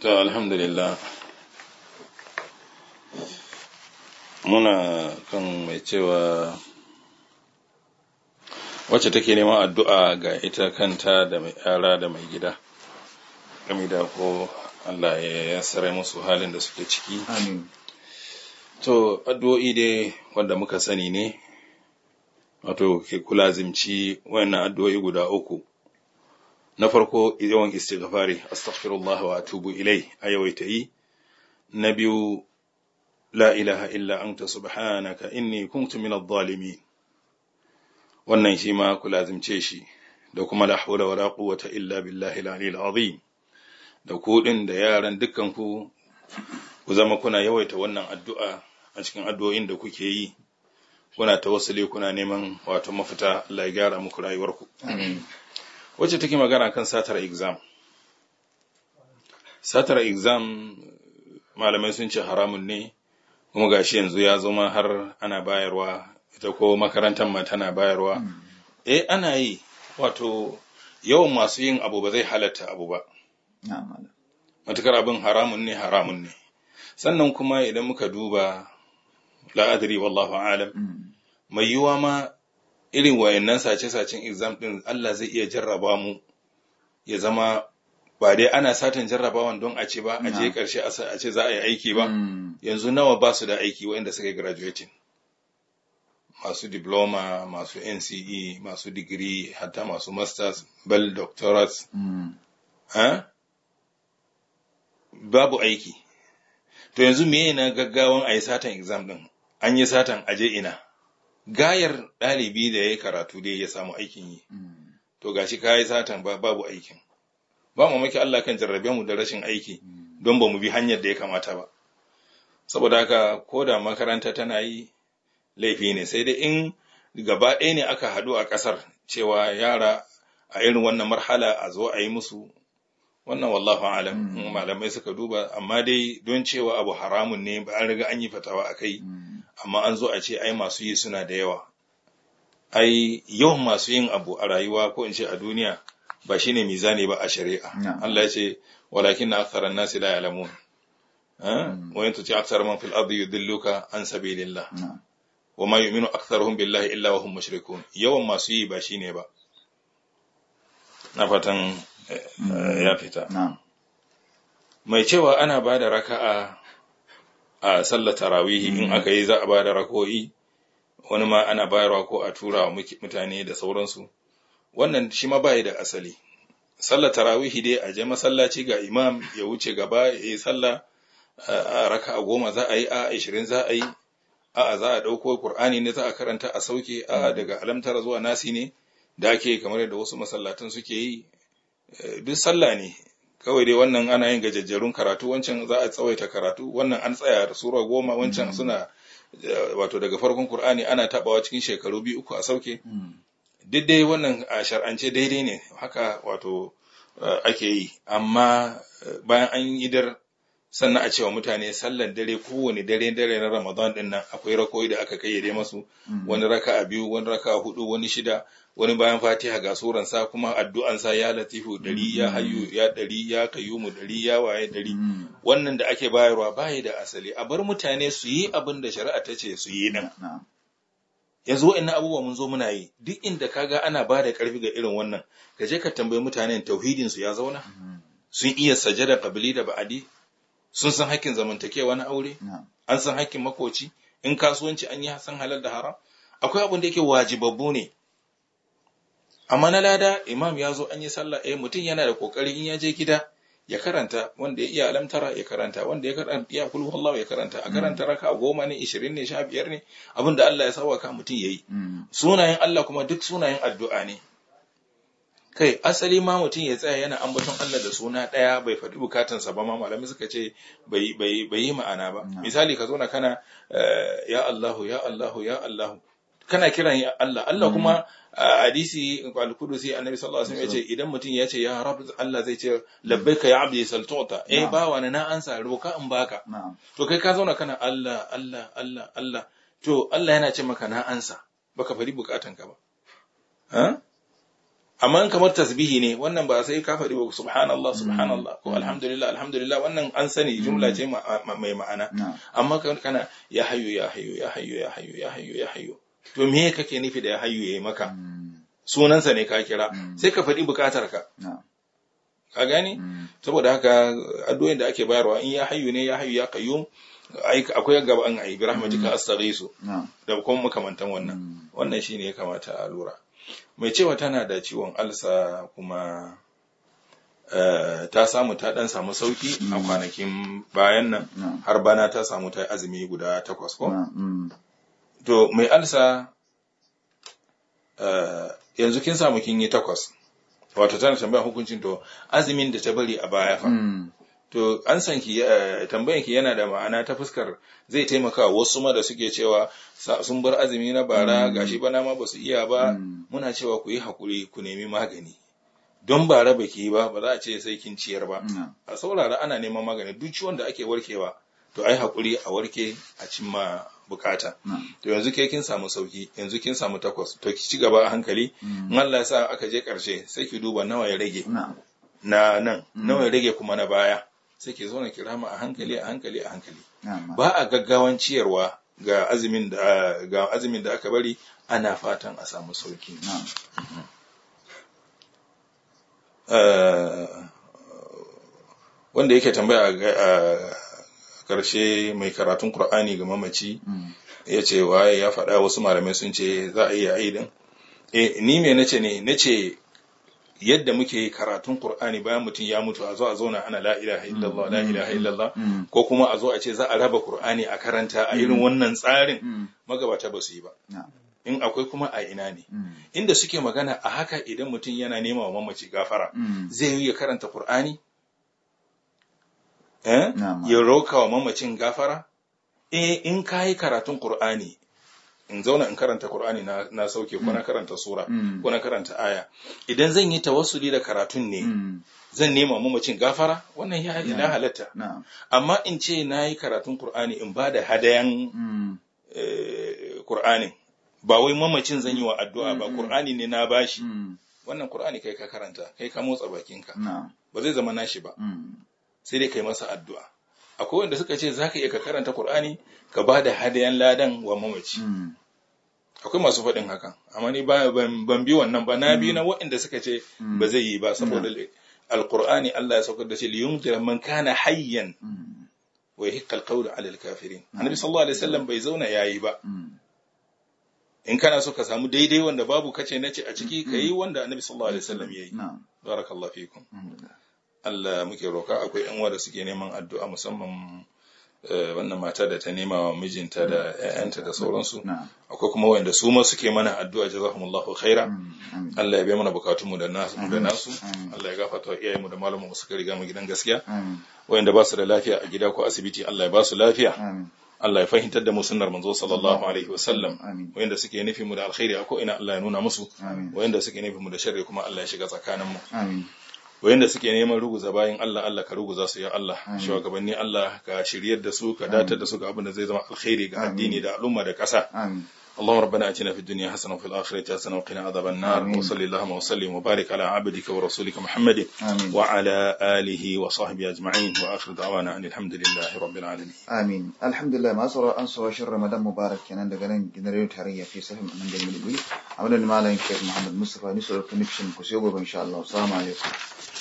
to alhamdulillah muna kan mai cewa wacce take neman addu'a ga ita kanta da mai yara da mai gida game da ko Allah ya sarai musu halin da suke ciki amin to addu'o'i dai wanda muka sani ne wato ku kulazimci wayannan addu'o'i guda uku na farko yawan istighfari astaghfirullah wa atubu ilai a yawaita yi na biyu la ilaha illa anta subhanaka inni kuntu adh-dhalimin wannan shi ma ku shi da kuma la hawla la quwwata illa billahi al-aliyyil azim da ku din da yaran dukkan ku ku zama kuna yawaita wannan addu'a a cikin addu'o'in da kuke yi kuna tawassuli kuna neman wato mafita Allah ya gyara muku rayuwarku wacce take magana kan satar exam satar exam malamai sun ce haramun ne kuma gashi yanzu ya zama har ana bayarwa ita ko makarantar ma tana bayarwa hmm. eh ana yi wato yawan masu yin abu ba zai halatta abu ba matukar abin haramun ne haramun ne sannan kuma idan muka duba la adri wallahu alam mm. mai yiwa ma irin wayannan sace-sacen exam din Allah zai iya jarraba mu ya zama ba dai ana satan jarrabawan don a ce ba a je karshe a ce za a yi aiki ba mm. yanzu nawa ba su da aiki wayanda suka yi graduating masu diploma masu nce masu digiri hatta masu masters bal doctorates mm. eh? babu aiki to yanzu me na gaggawan a yi satan exam din an yi satan aje ina gayar ɗalibi da ya yi karatu dai ya samu aikin yi to gashi ka yi satan ba babu aikin ba mu maki Allah kan jarrabe mu da rashin aiki don ba mu bi hanyar da ya kamata ba saboda haka ko da makaranta tana yi laifi ne sai dai in gaba ɗaya ne aka haɗu a ƙasar cewa yara a irin wannan marhala a zo a yi musu wannan wallahu alam mm. malamai suka duba amma dai don cewa abu haramun ne ba an riga an yi fatawa a kai mm. amma an zo a ce ai masu yi suna da yawa ai yawan masu yin abu a rayuwa ko in ce a duniya ba shine mizani ba a shari'a Allah ya ce walakin na aktharan nasi la ya'lamun hmm. wa in ce akthar man fil ardi yudilluka an sabilillah wa ma yu'minu aktharuhum billahi illa wa hum mushrikun yawan masu yi ba shine ba na fatan eh, hmm. ya fita mai cewa ana ba da raka'a a sallar tarawihi in aka yi za a ba da rako'i wani ma ana bayarwa ko a tura wa mutane da sauransu wannan shi ma bai da asali sallar tarawihi dai a je masallaci ga imam ya wuce gaba ya yi sallah a raka a goma za a yi a ashirin za a yi a za a ɗauko Kur'ani ne za a karanta a sauke a hmm. daga alamtara zuwa nasi ne da ake kamar yadda wasu masallatan suke yi eh, duk sallah ne kawai dai wannan ana yin gajajjerun karatu wancan za a tsawaita karatu wannan an tsaya da sura goma wancan mm. suna eh, wato daga farkon Kur'ani ana tabawa cikin shekaru biyu uku a sauke mm. duk dai wannan a shar'ance daidai ne haka wato eh, ake yi amma eh, bayan an yi dar. sannan a cewa mutane sallar dare kowane dare dare na ramadan din nan akwai rakoyi da aka kayyade masu mm. wani raka a biyu wani raka a hudu wani shida wani bayan fatiha ga suransa kuma sa ya latifu dari ya mm. hayyu ya dari ya kayyumu dari ya waye dari mm. wannan da ake bayarwa bai da asali a bar mutane su yi abin da shari'a ta ce su yi din yanzu wa'annan abubuwa mun zo muna yi duk inda kaga ana ba da karfi ga irin wannan ka je ka tambayi mutanen tauhidin su ya zauna sun iya sajada kabili da ba'adi sun san hakkin zamantakewa na aure an san hakkin makoci in kasuwanci an yi san halal da haram akwai abin da yake wajibabbu ne amma na lada imam ya zo an yi sallah eh mutum yana da kokari in ya je gida ya karanta wanda ya iya alamtara ya karanta wanda ya karanta ya ya karanta a karanta mm. raka goma ne 20 ne 15 ne abinda Allah ya sawaka mutum ya yayi mm. sunayen Allah kuma duk sunayen addu'a ne kai asali ma mutum ya tsaya yana ambaton Allah da suna ɗaya bai faɗi bukatansa ba ma malamai suka ce bai yi ma'ana ba misali ka zauna kana eh, ya Allahu ya Allahu ya Allahu kana kiran Allah Allah kuma mm. hadisi al-Qudusi annabi sallallahu alaihi wasallam yace idan mutum ya ce ya rabb Allah zai ce labbaika ya abdi saltuta eh wani na ansa roka in baka to kai ka zauna kana Allah Allah Allah Allah to Allah yana ce maka na ansa baka fari bukatan ka ba amma kamar tasbihi ne wannan ba sai ka faɗi ba subhanallah subhanallah ko alhamdulillah alhamdulillah wannan an sani jumla ce mai ma'ana amma kana ya hayyu ya hayyu ya hayyu ya hayyu ya hayyu ya hayyu to me kake nufi da ya hayyu yayi maka hmm. sunansa ne ka kira hmm. sai ka faɗi bukatar ka ka gani hmm. saboda haka addu'o'in da ake bayarwa in ya hayyu ne ya hayyu ya qayyum akwai gaba an ayi bi rahmatika astaghisu da kuma makamantan wannan wannan shine ya kamata a lura mai cewa tana da ciwon alsa kuma eh, ta samu ta dan samu sauki a kwanakin bayan nan har bana ta samu ta azumi guda takwas ko mm. to mai alsa eh, yanzu kin samu kin yi takwas wato tana tambaya hukuncin to azumin da ta bari a baya fa mm. to an san ki eh, tambayan ki yana da ma'ana ta fuskar zai taimaka wasu ma da suke cewa sun bar azumi na bara mm. gashi bana ma basu iya ba mm. muna cewa ku yi hakuri ku nemi magani don bara ba ki yi ba ba za a ce sai kin ciyar ba mm. a saurara ana neman magani duk ciwon da ake warkewa to ai hakuri a warke a cimma bukata to yanzu ke kin samu sauki yanzu kin samu takwas to ki ci gaba a hankali in Allah ya sa aka je karshe sai ki duba nawa ya rage na nan nawa ya rage kuma na baya sai ke zauna kira mu a hankali a hankali a hankali ba a gaggawan ciyarwa ga azumin da ga azumin da aka bari ana fatan a samu sauki eh, wanda yake tambaya a karshe mai karatun Kur'ani ga mamaci mm. ya ce waye ya faɗa wasu malamai sun ce za a iya aidin eh ni me nace ne nace yadda muke karatun Qur'ani bayan mutum ya mutu a zo a zauna ana la ilaha mm. illallah la ilaha mm. illallah mm. ko kuma a zo a ce za a raba Qur'ani a karanta a irin wannan tsarin magabata ba su yi ba in akwai kuma a ina ne inda suke magana a haka idan mutum yana nema wa mamaci gafara zai yi ya karanta Qur'ani eh? ya roka wa mamacin gafara eh in kayi karatun Qur'ani in zauna in karanta Qur'ani na, na sauke ko na mm. karanta sura mm. ko na karanta aya idan zan yi tawassuli da karatun ne mm. zan nema mamacin gafara wannan ya yi na halatta amma in ce na yi karatun Qur'ani in ba da hadayan eh, Qur'ani ba wai mamacin zan yi wa addu'a ba Qur'ani ne na bashi wannan Qur'ani kai ka karanta kai ka motsa bakinka ba zai zama nashi ba sai dai kai masa addu'a akwai wanda suka ce zaka iya ka karanta Qur'ani ka ba da hadayan ladan wa mamaci hmm. akwai masu faɗin haka amma ni ban bi wannan ba na bi hmm. na waɗanda suka ce hmm. ba zai yi ba saboda alqur'ani Allah ya sauka da shi li yunzira man kana hayyan wa yahiqqa alqawlu 'ala alkafirin annabi sallallahu alaihi wasallam bai zauna yayi ba in kana so ka samu daidai wanda babu kace nace a ciki kayi wanda annabi sallallahu alaihi wasallam yayi barakallahu fikum Allah muke roƙa akwai ƴan da suke neman addu'a musamman eh, wannan mata da ta nema wa mijinta da ƴaƴanta da sauransu akwai kuma wanda su ma suke mana addu'a jazakumullahu khaira mm, Allah ya bai mana bukatunmu da nasu da nasu Allah ya gafata wa iyayenmu da mu suka riga mu gidan gaskiya wanda ba su da lafiya a gida ko asibiti Allah ya ba su lafiya Allah ya fahimtar da mu sunnar manzo sallallahu alaihi wasallam wayanda suke nufi mu da alkhairi a ko ina Allah ya nuna musu wayanda suke nufi mu da sharri kuma Allah ya shiga amin da suke neman ruguza bayan Allah Allah ka ruguza su ya Allah shugabanni Allah ka shiryar da su ka datar da su ga abin da zai zama alkhairi ga addini da al'umma da ƙasa اللهم ربنا اتنا في الدنيا حسنه وفي الاخره حسنه وقنا عذاب النار آمين. وصل اللهم وسلم وبارك على عبدك ورسولك محمد آمين. وعلى اله وصحبه اجمعين واخر دعوانا ان الحمد لله رب العالمين امين الحمد لله ما صار ان صار شر رمضان مبارك كان daga nan gidan tarayya fi sahim nan da mulki abin da malamin Sheikh Muhammad Mustafa ni so ku sai gobe insha Allah assalamu